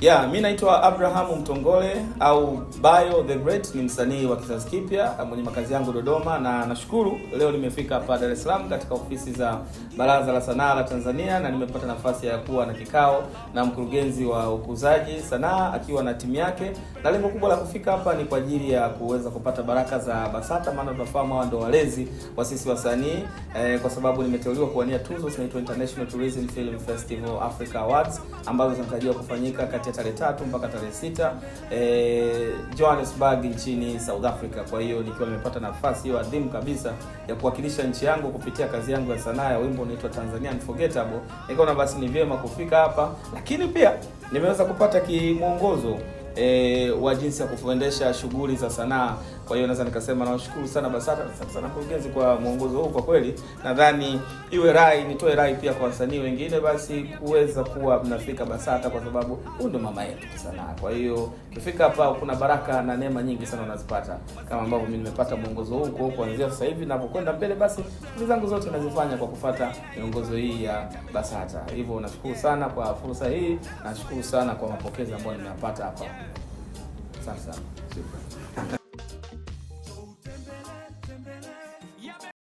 Yeah, mi naitwa Abraham Mtongole au Bayo the Great, ni msanii wa kizazi kipya mwenye makazi yangu Dodoma, na nashukuru leo nimefika hapa Dar es Salaam katika ofisi za Baraza la Sanaa la Tanzania, na nimepata nafasi ya kuwa na kikao na mkurugenzi wa ukuzaji sanaa akiwa na timu yake, na lengo kubwa la kufika hapa ni kwa ajili ya kuweza kupata baraka za BASATA, maana tunafahamu hawa ndio walezi wa sisi wasanii eh, kwa sababu nimeteuliwa kuwania tuzo zinaitwa International Tourism Film Festival Africa Awards ambazo zinatarajiwa kufanyika kati ya tarehe tatu mpaka tarehe sita eh, Johannesburg nchini South Africa. Kwa hiyo nikiwa nimepata nafasi hiyo adhimu kabisa ya kuwakilisha nchi yangu kupitia kazi yangu ya sanaa ya wimbo unaitwa Tanzania nikaona basi ni vyema kufika hapa, lakini pia nimeweza kupata kimwongozo e, wa jinsi ya kuendesha shughuli za sanaa. Kwa hiyo naweza nikasema nawashukuru sana BASATA, asante sana mkurugenzi kwa mwongozo huu. Kwa kweli nadhani iwe rai, nitoe rai pia kwa wasanii wengine basi kuweza kuwa mnafika BASATA kwa sababu huu ndio mama yetu kisanaa. Kwa hiyo ukifika hapa kuna baraka na neema nyingi sana unazipata, kama ambavyo mimi nimepata mwongozo huu. Kwa kuanzia sasa hivi ninapokwenda mbele, basi shughuli zangu zote nazifanya kwa kufuata miongozo hii ya BASATA. Hivyo nashukuru sana kwa fursa hii, nashukuru sana kwa mapokezi ambayo nimeyapata hapa. Sama-sama. Super.